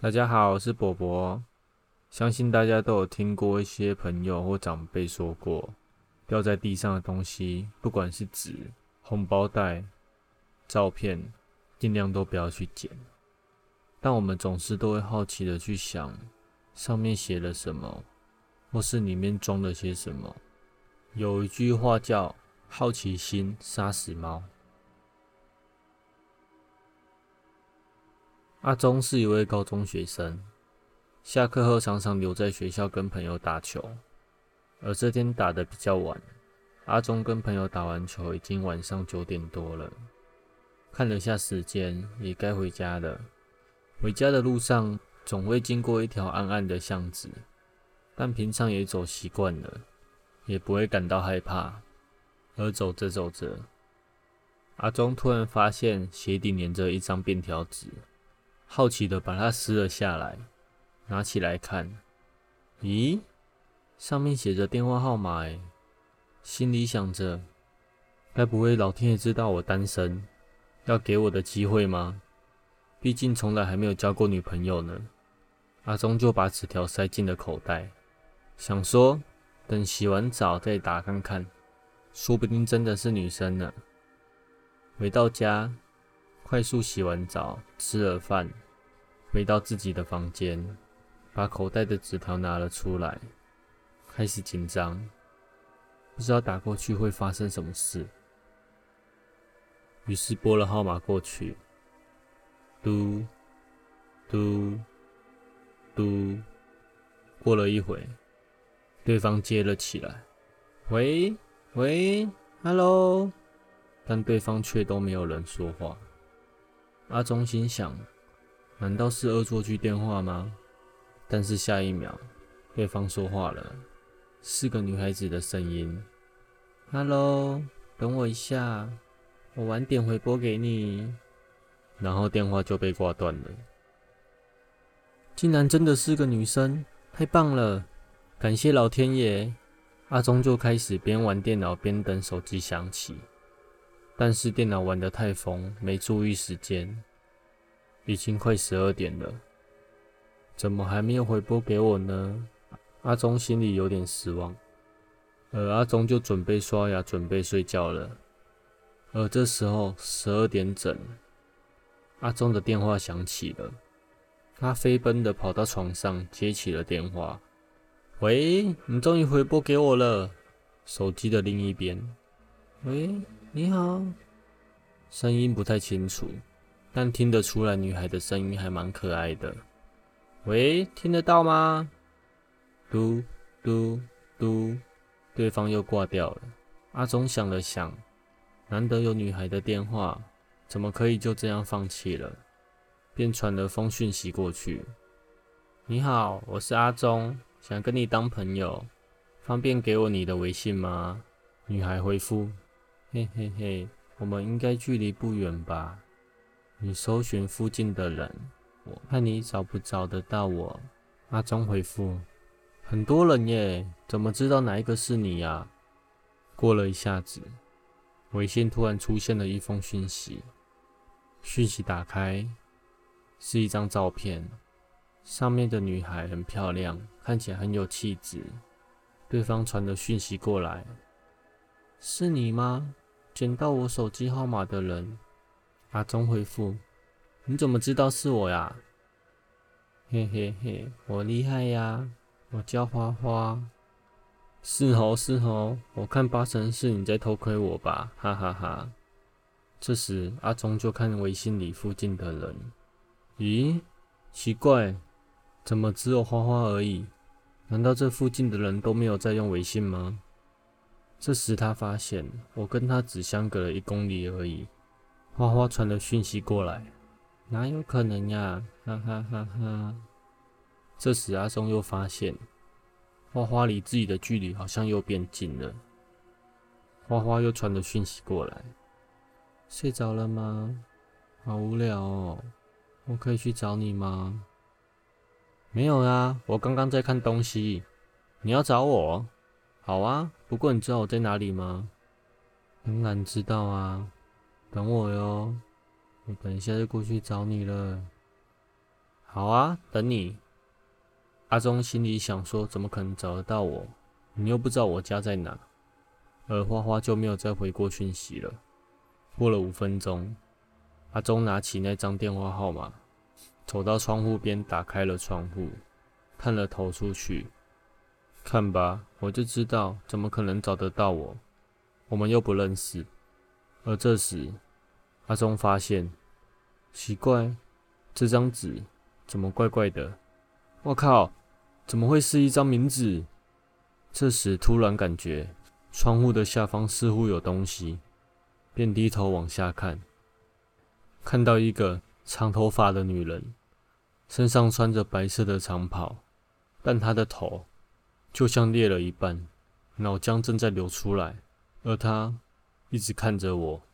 大家好，我是伯伯。相信大家都有聽過一些朋友或長輩說過，掉在地上的東西，不管是紙、紅包袋、照片，盡量都不要去撿。但我們總是都會好奇的去想，上面寫了什麼，或是裡面裝了些什麼。有一句話叫“好奇心殺死貓”。阿忠是一位高中學生，下課後常常留在學校跟朋友打球。而這天打得比較晚，阿忠跟朋友打完球已經晚上九點多了。看了下時間，也該回家了。回家的路上總會經過一條暗暗的巷子，但平常也走習慣了，也不會感到害怕。而走着走着，阿忠突然發現鞋底粘着一張便條紙。好奇的把它撕了下來，拿起來看，咦，上面寫着電話號碼耶，心裡想着，該不會老天爺知道我單身，要給我的機會嗎？畢竟從來還沒有交過女朋友呢。阿中就把紙條塞進了口袋，想說等洗完澡再打看看，說不定真的是女生呢。回到家。快速洗完澡，吃了飯，回到自己的房間，把口袋的紙條拿了出來，開始緊張，不知道打過去會發生什麼事。於是撥了號碼過去，嘟，嘟，嘟。過了一會，對方接了起來，喂，喂，哈囉，但對方卻都沒有人說話。阿中心想：難道是惡作劇電話嗎？但是下一秒，對方說話了，是個女孩子的聲音：“Hello，等我一下，我晚點回撥給你。”然後電話就被掛斷了。竟然真的是個女生，太棒了！感謝老天爺！阿中就開始邊玩電腦邊等手機響起。但是電腦玩得太瘋，沒注意時間，已經快十二點了，怎麼還沒有回撥給我呢？阿忠心裡有點失望。而、呃、阿忠就準備刷牙，準備睡覺了。而、呃、這時候十二點整，阿忠的電話響起了，他飛奔的跑到床上接起了電話：“喂，你終於回撥給我了。”手機的另一邊：“喂。”你好，聲音不太清楚，但聽得出來女孩的聲音還蠻可愛的。喂，聽得到嗎？嘟嘟嘟，對方又掛掉了。阿忠想了想，難得有女孩的電話，怎麼可以就這樣放棄了？便傳了封訊息過去。你好，我是阿忠，想跟你當朋友，方便給我你的微信嗎？女孩回復。嘿嘿嘿，我們應該距離不遠吧？你搜尋附近的人，我看你找不找得到我。阿忠回覆：很多人耶，怎麼知道哪一個是你啊？過了一下子，微信突然出現了一封訊息。訊息打開，是一張照片，上面的女孩很漂亮，看起來很有氣質。對方傳的訊息過來，是你嗎？撿到我手機號碼的人，阿忠回覆：“你怎麼知道是我呀？”嘿嘿嘿，我厲害呀，啊！我叫花花，是猴是猴，我看八成是你在偷窺我吧，哈，哈哈哈。這時，阿忠就看微信裡附近的人，咦，奇怪，怎麼只有花花而已？難道這附近的人都沒有在用微信嗎？這時他發現我跟他只相隔了一公里而已。花花傳了訊息過來，哪有可能呀？哈哈哈哈！這時阿松又發現花花離自己的距離好像又變近了。花花又傳了訊息過來，睡着了嗎？好無聊哦，我可以去找你嗎？沒有啊，我剛剛在看東西。你要找我？好啊，不過你知道我在哪裡嗎？當然知道啊，等我喲，我等一下就過去找你了。好啊，等你。阿忠心裡想說：怎麼可能找得到我？你又不知道我家在哪。而花花就沒有再回過訊息了。過了五分鐘，阿忠拿起那張電話號碼，走到窗戶邊，打開了窗戶，探了頭出去。看吧，我就知道，怎麼可能找得到我？我們又不認識。而這時，阿中發現奇怪，這張紙怎麼怪怪的？我靠，怎麼會是一張冥紙？這時突然感覺窗戶的下方似乎有東西，便低頭往下看，看到一個長頭髮的女人，身上穿着白色的長袍，但她的頭。就像裂了一半，腦漿正在流出來，而他，一直看着我。